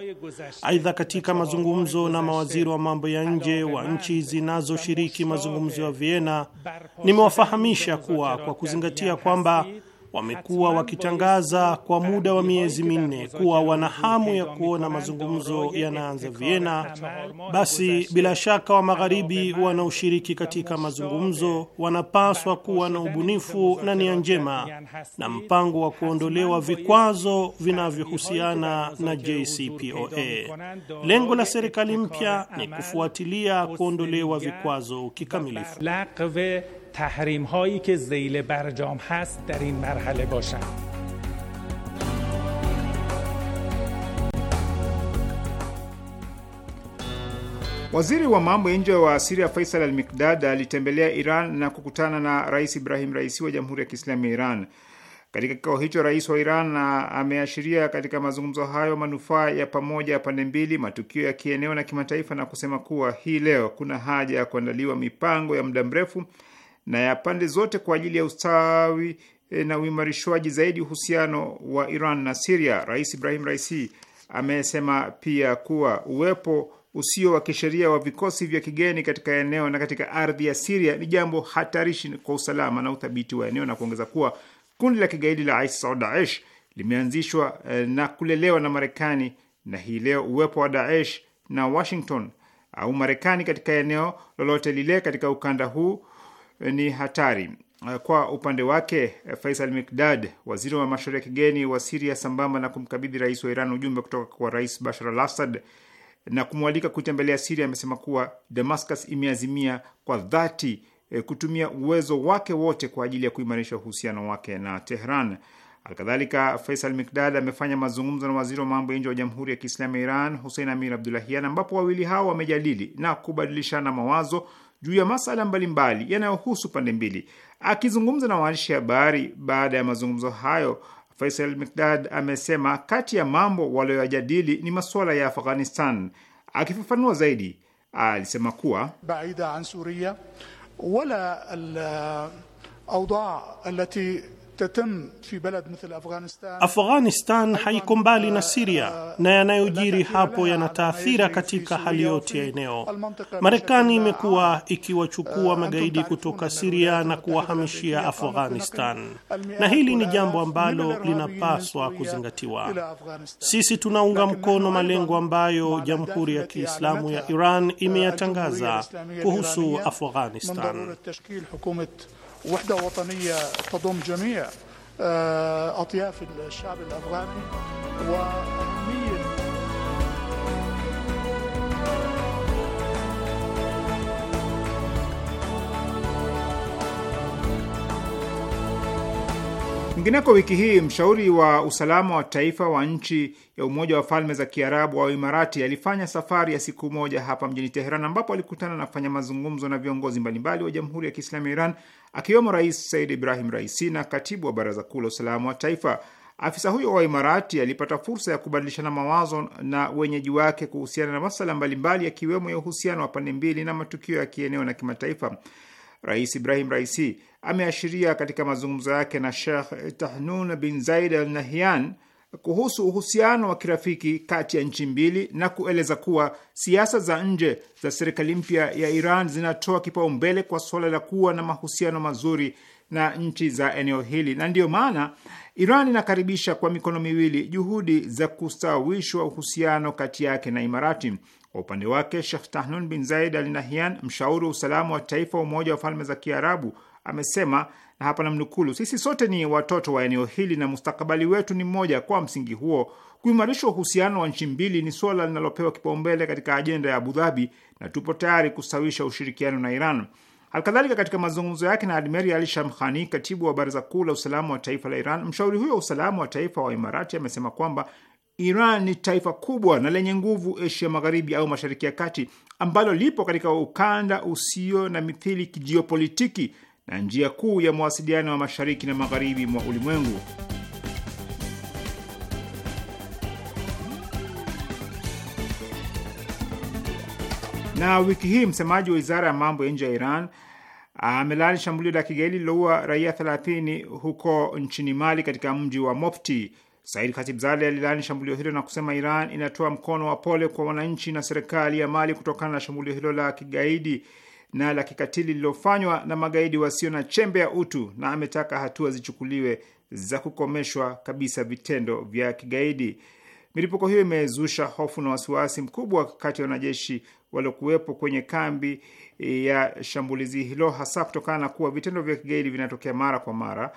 Aidha, katika mazungumzo na mawaziri wa mambo ya nje wa nchi zinazoshiriki mazungumzo ya Vienna, nimewafahamisha kuwa kwa kuzingatia kwamba wamekuwa wakitangaza kwa muda wa miezi minne kuwa wana hamu ya kuona mazungumzo yanaanza Vienna, basi bila shaka wa magharibi wanaoshiriki katika mazungumzo wanapaswa kuwa na ubunifu na nia njema na mpango wa kuondolewa vikwazo vinavyohusiana na JCPOA. Lengo la serikali mpya ni kufuatilia kuondolewa vikwazo kikamilifu. تحریم هایی که زیل برجام هست در این مرحله باشند Waziri wa mambo ya nje wa Siria Faisal Al Mikdad alitembelea Iran na kukutana na Rais Ibrahim Raisi wa Jamhuri ya Kiislamu ya Iran. Katika kikao hicho, rais wa Iran ah, ameashiria katika mazungumzo hayo manufaa ya pamoja ya pande mbili, matukio ya kieneo na kimataifa, na kusema kuwa hii leo kuna haja ya kuandaliwa mipango ya muda mrefu na ya pande zote kwa ajili ya ustawi eh, na uimarishwaji zaidi uhusiano wa Iran na Siria. Rais Ibrahim Raisi amesema pia kuwa uwepo usio wa kisheria wa vikosi vya kigeni katika eneo na katika ardhi ya Siria ni jambo hatarishi kwa usalama na uthabiti wa eneo, na kuongeza kuwa kundi la kigaidi la ISIS au Daesh limeanzishwa eh, na kulelewa na Marekani, na hii leo uwepo wa Daesh na Washington au Marekani katika eneo lolote lile katika ukanda huu ni hatari. Kwa upande wake Faisal Mikdad, waziri wa mashauri ya kigeni wa Siria, sambamba na kumkabidhi rais wa Iran ujumbe kutoka kwa rais Bashar al Assad na kumwalika kuitembelea Siria, amesema kuwa Damascus imeazimia kwa dhati eh, kutumia uwezo wake wote kwa ajili ya kuimarisha uhusiano wake na Tehran. Alkadhalika, Faisal Mikdad amefanya mazungumzo na waziri wa mambo ya nje wa Jamhuri ya Kiislamu ya Iran Hussein Amir Abdulahian, ambapo wawili hao wamejadili na kubadilishana mawazo juu ya masala mbalimbali yanayohusu pande mbili. Akizungumza na waandishi habari baada ya mazungumzo hayo, Faisal Mikdad amesema kati ya mambo walioyajadili ni masuala ya Afghanistan. Akifafanua zaidi, alisema kuwa baida an suria wala al awda allati Afghanistan haiko mbali na Siria na yanayojiri hapo yanataathira katika hali yote ya eneo. Marekani imekuwa ikiwachukua magaidi kutoka Siria na kuwahamishia Afghanistan, na hili ni jambo ambalo linapaswa kuzingatiwa. Sisi tunaunga mkono malengo ambayo Jamhuri ya Kiislamu ya Iran imeyatangaza kuhusu Afghanistan. وحدة وطنية تضم جميع أطياف الشعب الأفغاني وأهمية Kwingineko, wiki hii mshauri wa usalama wa taifa wa nchi ya Umoja wa Falme za Kiarabu au Imarati alifanya safari ya siku moja hapa mjini Teheran, ambapo alikutana na kufanya mazungumzo na viongozi mbalimbali wa Jamhuri ya Kiislamu ya Iran akiwemo Rais Said Ibrahim Raisi na katibu wa Baraza Kuu la Usalama wa Taifa. Afisa huyo wa Imarati alipata fursa ya kubadilishana mawazo na wenyeji wake kuhusiana na masala mbalimbali yakiwemo ya uhusiano wa pande mbili na matukio ya kieneo na kimataifa. Rais Ibrahim Raisi ameashiria katika mazungumzo yake na Shekh Tahnun bin Zaid Al Nahyan kuhusu uhusiano wa kirafiki kati ya nchi mbili na kueleza kuwa siasa za nje za serikali mpya ya Iran zinatoa kipaumbele kwa suala la kuwa na mahusiano mazuri na nchi za eneo hili, na ndiyo maana Iran inakaribisha kwa mikono miwili juhudi za kustawishwa uhusiano kati yake na Imarati. Kwa upande wake, Shekh Tahnun bin Zaid Al Nahyan, mshauri wa usalama wa taifa wa Umoja wa Falme za Kiarabu, amesema na hapa namnukulu, sisi sote ni watoto wa eneo hili na mustakabali wetu ni mmoja. Kwa msingi huo, kuimarisha uhusiano wa nchi mbili ni suala linalopewa kipaumbele katika ajenda ya Abu Dhabi na tupo tayari kustawisha ushirikiano na Iran. alkadhalika katika mazungumzo yake na Admeri Ali Shamkhani, katibu wa baraza kuu la usalama wa taifa la Iran, mshauri huyo wa usalama wa taifa wa Imarati amesema kwamba Iran ni taifa kubwa na lenye nguvu Asia Magharibi au Mashariki ya Kati ambalo lipo katika ukanda usio na mithili kijiopolitiki na njia kuu ya mawasiliano ya mashariki na magharibi mwa ulimwengu. Na wiki hii msemaji wa wizara ya mambo ya nje ya Iran amelaani shambulio la kigaidi lililoua raia 30 huko nchini Mali, katika mji wa Mopti. Said Khatibzadeh alilaani shambulio hilo na kusema Iran inatoa mkono wa pole kwa wananchi na serikali ya Mali kutokana na shambulio hilo la kigaidi na la kikatili lililofanywa na magaidi wasio na chembe ya utu, na ametaka hatua zichukuliwe za kukomeshwa kabisa vitendo vya kigaidi. Milipuko hiyo imezusha hofu na wasiwasi mkubwa kati ya wanajeshi waliokuwepo kwenye kambi eh, ya shambulizi hilo, hasa kutokana na kuwa vitendo vya kigaidi vinatokea mara kwa mara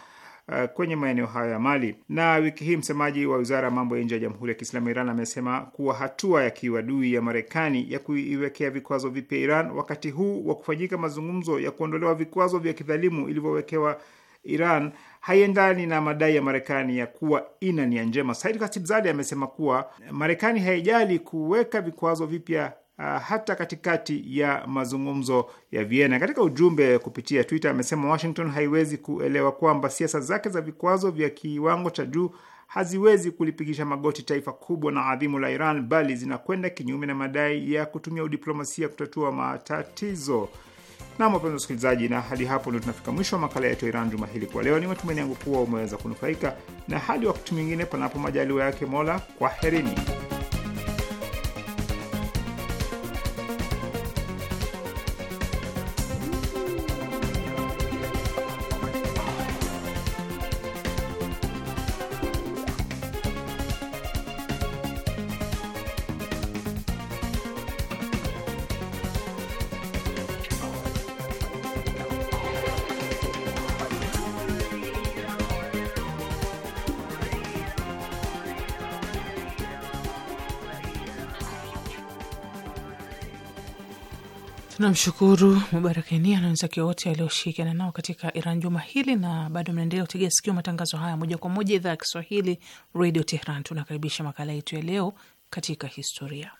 uh, kwenye maeneo hayo ya Mali. Na wiki hii msemaji wa wizara ya mambo ya nje ya Jamhuri ya Kiislamu Iran amesema kuwa hatua ya kiuadui ya Marekani ya kuiwekea vikwazo vipya Iran wakati huu wa kufanyika mazungumzo ya kuondolewa vikwazo vya kidhalimu ilivyowekewa Iran haiendani na madai ya Marekani ya kuwa ina nia njema. Said Khatibzadeh amesema kuwa Marekani haijali kuweka vikwazo vipya Uh, hata katikati ya mazungumzo ya Vienna. Katika ujumbe kupitia Twitter amesema Washington haiwezi kuelewa kwamba siasa zake za vikwazo vya kiwango cha juu haziwezi kulipigisha magoti taifa kubwa na adhimu la Iran, bali zinakwenda kinyume na madai ya kutumia udiplomasia kutatua matatizo. Nam, wapenzi wasikilizaji, na hadi hapo ndio tunafika mwisho wa makala yetu ya Iran juma hili kwa leo. Ni matumaini yangu kuwa umeweza kunufaika, na hadi wakati mwingine, panapo majaliwa yake Mola, kwaherini. Tunamshukuru Mubarak Enia na wenzake wote walioshirikiana nao katika Iran juma hili, na bado mnaendelea kutegea sikio matangazo haya moja kwa moja, idhaa ya Kiswahili, radio Tehran. Tunakaribisha makala yetu ya leo, katika historia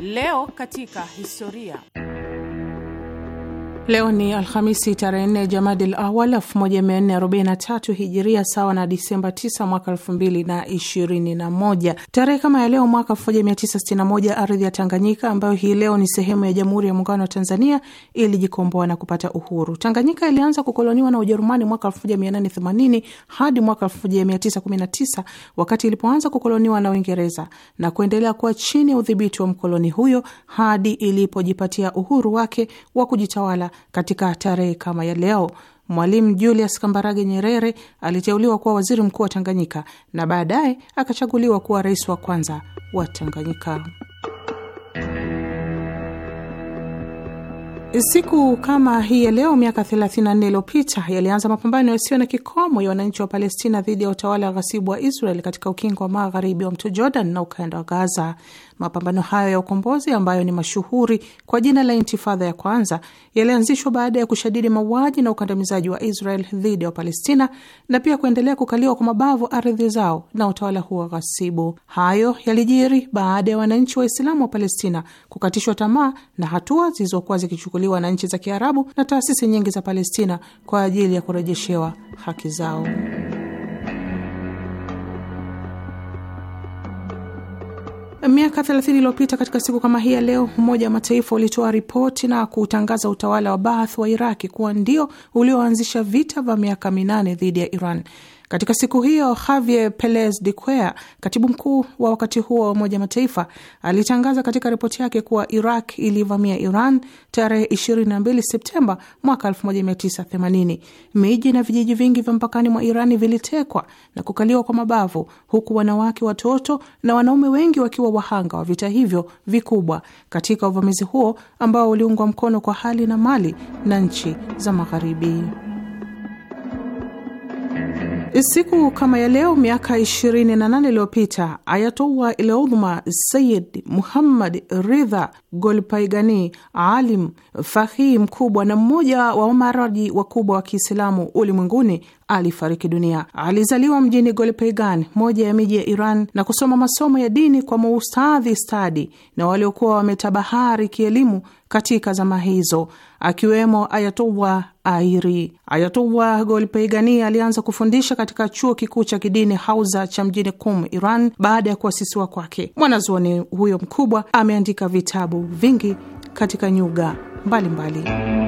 Leo katika historia Leo ni Alhamisi tarehe 4 Jamadil Awal 1443 Hijiria, sawa na Disemba 9 mwaka 2021. Tarehe kama ya leo mwaka 1961 ardhi ya Tanganyika ambayo hii leo ni sehemu ya Jamhuri ya Muungano wa Tanzania ilijikomboa na kupata uhuru. Tanganyika ilianza kukoloniwa na Ujerumani mwaka 1880 hadi mwaka 1919 wakati ilipoanza kukoloniwa na Uingereza na kuendelea kuwa chini ya udhibiti wa mkoloni huyo hadi ilipojipatia uhuru wake wa kujitawala katika tarehe kama ya leo. Mwalimu Julius Kambarage Nyerere aliteuliwa kuwa waziri mkuu wa Tanganyika na baadaye akachaguliwa kuwa rais wa kwanza wa Tanganyika. Siku kama hii ya leo miaka 34 iliyopita yalianza mapambano yasiyo na kikomo ya wananchi wa Palestina dhidi ya utawala wa ghasibu wa Israel katika ukingo wa magharibi wa mto Jordan na ukanda wa Gaza. Mapambano hayo ya ukombozi ambayo ni mashuhuri kwa jina la Intifadha ya kwanza yalianzishwa baada ya kushadidi mauaji na ukandamizaji wa Israel dhidi ya Wapalestina na pia kuendelea kukaliwa kwa mabavu ardhi zao na utawala huo ghasibu. Hayo yalijiri baada ya wananchi Waislamu wa Palestina kukatishwa tamaa na hatua zilizokuwa zikichukuliwa na nchi za Kiarabu na taasisi nyingi za Palestina kwa ajili ya kurejeshewa haki zao. Miaka 30 iliyopita katika siku kama hii ya leo, Umoja wa Mataifa ulitoa ripoti na kuutangaza utawala wa Baath wa Iraki kuwa ndio ulioanzisha vita vya miaka minane dhidi ya Iran. Katika siku hiyo, Javier Perez de Cuellar, katibu mkuu wa wakati huo wa Umoja Mataifa, alitangaza katika ripoti yake kuwa Iraq ilivamia Iran tarehe 22 Septemba mwaka 1980. Miji na vijiji vingi vya mpakani mwa Irani vilitekwa na kukaliwa kwa mabavu, huku wanawake, watoto na wanaume wengi wakiwa wahanga wa vita hivyo vikubwa katika uvamizi huo ambao uliungwa mkono kwa hali na mali na nchi za Magharibi. Siku kama ya leo miaka 28 iliyopita Ayatullah Ilaudhma Sayid Muhammad Ridha Golpaigani, alim fakihi mkubwa na mmoja wa umaraji wakubwa wa Kiislamu ulimwenguni alifariki dunia. Alizaliwa mjini Golpaigan, moja ya miji ya Iran, na kusoma masomo ya dini kwa maustadhi stadi na waliokuwa wametabahari kielimu katika zama hizo, akiwemo Ayatullah Airi. Ayatullah Golpeigani alianza kufundisha katika chuo kikuu cha kidini Hauza cha mjini Kum, Iran, baada ya kuasisiwa kwake. Mwanazuoni huyo mkubwa ameandika vitabu vingi katika nyuga mbalimbali mbali.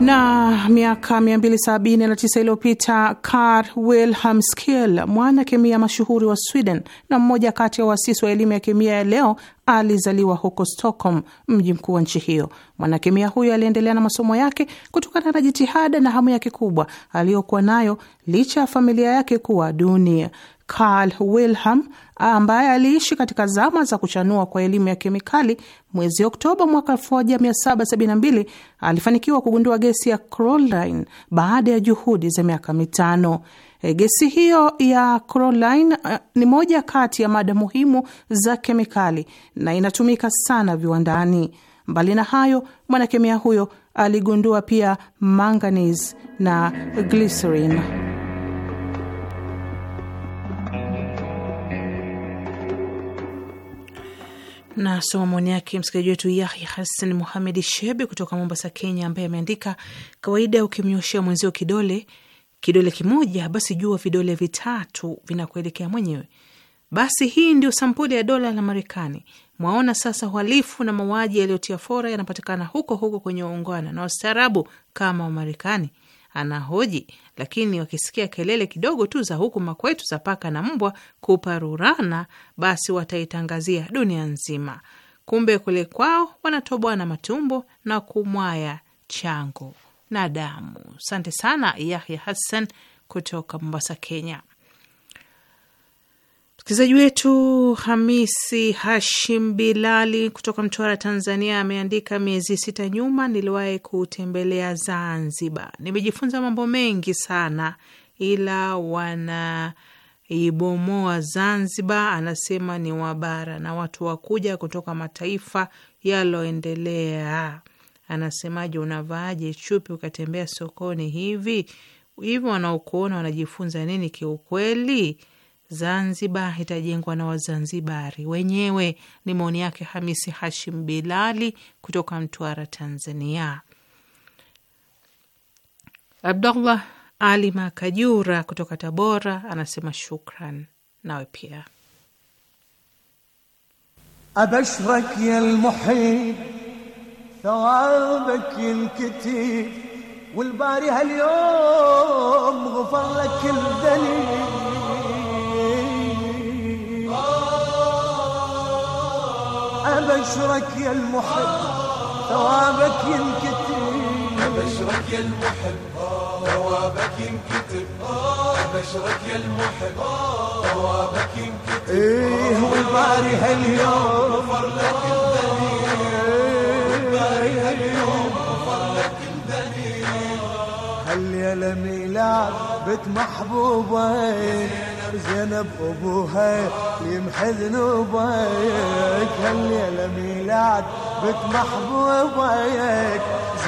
Na miaka 279 iliyopita Carl Wilhelm skill mwana kemia mashuhuri wa Sweden na mmoja kati ya waasisi wa elimu ya kemia ya leo, alizaliwa huko Stockholm, mji mkuu wa nchi hiyo. Mwanakemia huyo aliendelea na masomo yake kutokana na jitihada na hamu yake kubwa aliyokuwa nayo licha ya familia yake kuwa duni. Karl Wilhelm ambaye aliishi katika zama za kuchanua kwa elimu ya kemikali, mwezi Oktoba mwaka 1772 alifanikiwa kugundua gesi ya chlorine baada ya juhudi za miaka mitano. E, gesi hiyo ya chlorine uh, ni moja kati ya mada muhimu za kemikali na inatumika sana viwandani. Mbali na hayo, mwanakemia huyo aligundua pia manganese na glycerin. na soma maoni yake msikilizaji wetu Yahya Hasan Muhamedi Shebi kutoka Mombasa, Kenya, ambaye ameandika kawaida, ukimnyoshea mwenzio kidole kidole kimoja, basi jua vidole vitatu vinakuelekea mwenyewe. Basi hii ndio sampuli ya dola la Marekani. Mwaona sasa, uhalifu na mauaji yaliyotia fora yanapatikana huko huko kwenye uungwana na wastaarabu kama Wamarekani anahoji, lakini wakisikia kelele kidogo tu za huku makwetu za paka na mbwa kuparurana, basi wataitangazia dunia nzima. Kumbe kule kwao wanatoboa na matumbo na kumwaya chango na damu. Asante sana Yahya Hassan kutoka Mombasa, Kenya. Msikilizaji wetu Hamisi Hashim Bilali kutoka Mtwara, Tanzania, ameandika miezi sita nyuma niliwahi kutembelea Zanzibar. Nimejifunza mambo mengi sana, ila wanaibomoa Zanzibar. Anasema ni wabara na watu wakuja kutoka mataifa yaloendelea. Anasemaje, unavaaje chupi ukatembea sokoni hivi hivyo? Wanaokuona wanajifunza nini? Kiukweli Zanzibar itajengwa na Wazanzibari wenyewe. Ni maoni yake Hamisi Hashim Bilali kutoka Mtwara, Tanzania. Abdullah Ali Makajura kutoka Tabora anasema shukran. Nawe pia abashrak ya lmuhib thawabak alkatif walbari halyom ghafar lak أبشرك يا المحب ثوابك ينكتب أبشرك يا المحب ثوابك ينكتب أبشرك يا المحب ثوابك ينكتب إيه والباري هاليوم غفر لك الدليل والباري هاليوم غفر لك الدليل يا ميلاد بيت محبوبه زينب ابوها يمحي ذنوبك هالليله ميلاد بنت محبوبك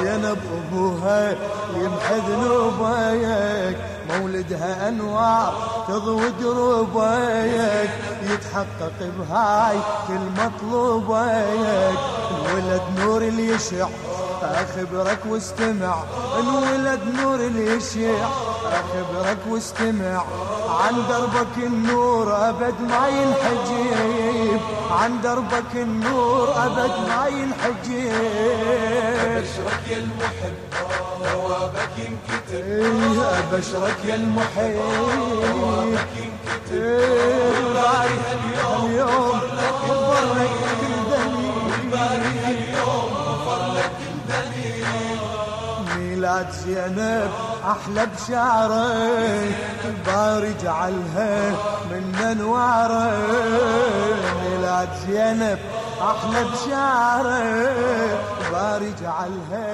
زينب ابوها يمحي ذنوبك مولدها انوار تضوي دروبك يتحقق بهاي كل مطلوبك الولد نور اللي يشع اخبرك واستمع الولد نور اليشيع اخبرك واستمع عن دربك النور ابد ما ينحجيب عن دربك النور ابد ما ينحجيب اشرك يا المحب ثوابك ينكتب ابشرك يا المحب ثوابك ينكتب إيه، إيه، اليوم اليوم اليوم ميلاد زينب احلى بشعري بارج عليها من انواره ميلاد زينب احلى بشعري بارج عليها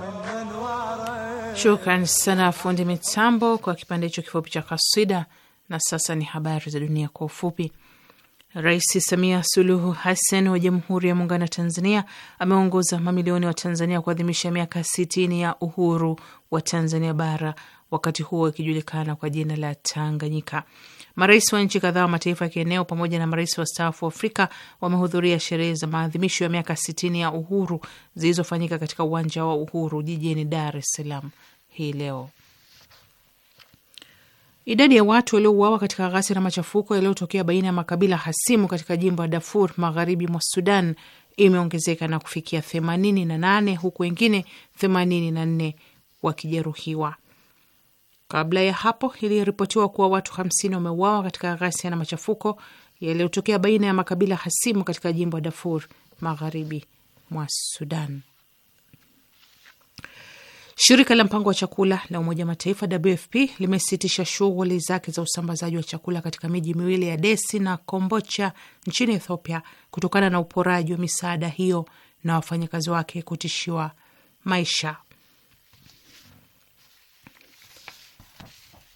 من انواره Shukran sana fundi mitambo kwa kipande hicho kifupi cha kasida, na sasa ni habari za dunia kwa ufupi. Rais Samia Suluhu Hassan wa Jamhuri ya Muungano wa Tanzania ameongoza mamilioni wa Tanzania kuadhimisha miaka sitini ya uhuru wa Tanzania Bara, wakati huo ikijulikana kwa jina la Tanganyika. Marais wa nchi kadhaa wa mataifa ya kieneo pamoja na marais wa staafu wa Afrika wamehudhuria sherehe za maadhimisho ya miaka sitini ya uhuru zilizofanyika katika uwanja wa Uhuru jijini Dar es Salaam hii leo. Idadi ya watu waliouawa katika ghasia na machafuko yaliyotokea baina ya makabila hasimu katika jimbo la Darfur magharibi mwa Sudan imeongezeka na kufikia 88 huku wengine 84 wakijeruhiwa. Kabla ya hapo iliripotiwa kuwa watu 50 wameuawa katika ghasia na machafuko yaliyotokea baina ya makabila hasimu katika jimbo la Darfur magharibi mwa Sudan. Shirika la mpango wa chakula la Umoja Mataifa WFP limesitisha shughuli zake za usambazaji wa chakula katika miji miwili ya Desi na Kombocha nchini Ethiopia kutokana na uporaji wa misaada hiyo na wafanyakazi wake kutishiwa maisha.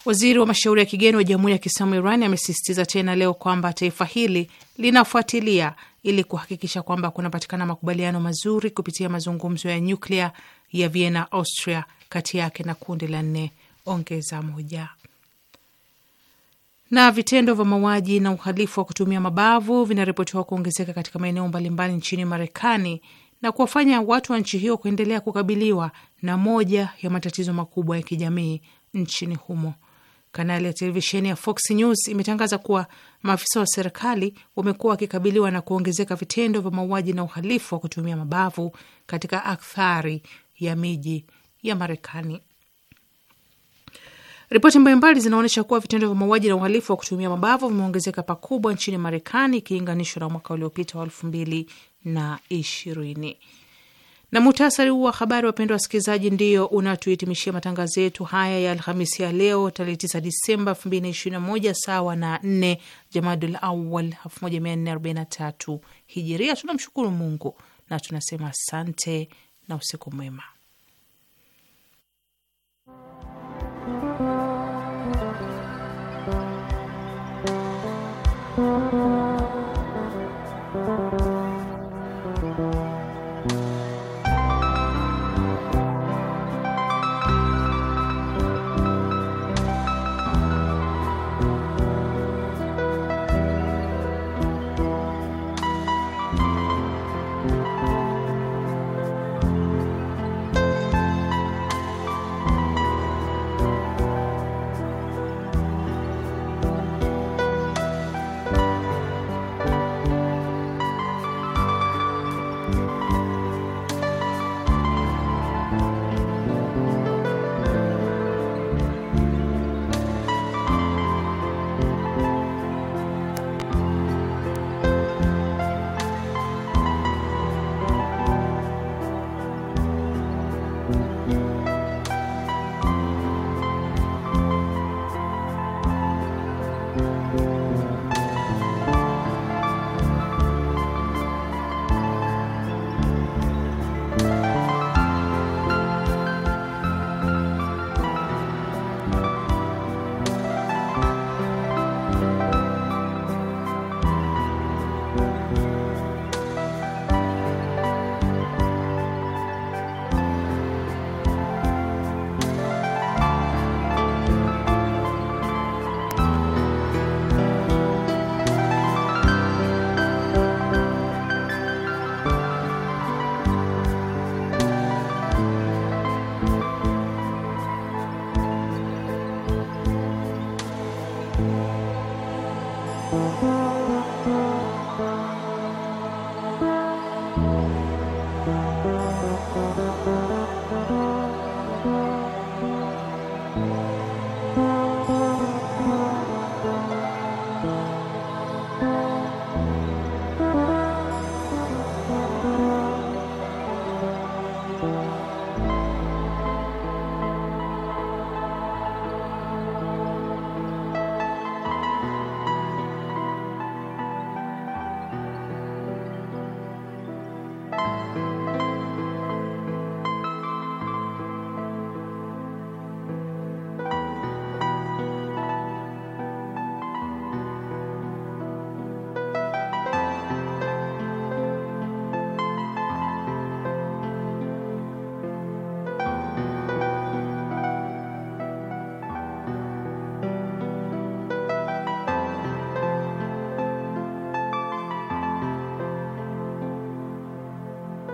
Waziri wa mashauri ya kigeni wa Jamhuri ya Kiislamu Iran amesisitiza tena leo kwamba taifa hili linafuatilia ili kuhakikisha kwamba kunapatikana makubaliano mazuri kupitia mazungumzo ya nyuklia ya Vienna, Austria, kati yake na kundi la nne ongeza moja. Na vitendo vya mauaji na uhalifu wa kutumia mabavu vinaripotiwa kuongezeka katika maeneo mbalimbali nchini Marekani na kuwafanya watu wa nchi hiyo kuendelea kukabiliwa na moja ya matatizo makubwa ya kijamii nchini humo. Kanali ya televisheni ya Fox News imetangaza kuwa maafisa wa serikali wamekuwa wakikabiliwa na kuongezeka vitendo vya mauaji na uhalifu wa kutumia mabavu katika akthari ya miji ya Marekani. Ripoti mbalimbali zinaonyesha kuwa vitendo vya mauaji na uhalifu wa kutumia mabavu vimeongezeka pakubwa nchini Marekani ikilinganishwa na mwaka uliopita wa elfu mbili na ishirini. Na muhtasari huu wa habari, wapendwa wasikilizaji, ndio unatuhitimishia matangazo yetu haya ya Alhamisi ya leo tarehe 9 Disemba 2021 sawa na 4 Jamadul Awal 1443 Hijiria. Tunamshukuru Mungu na tunasema asante na usiku mwema.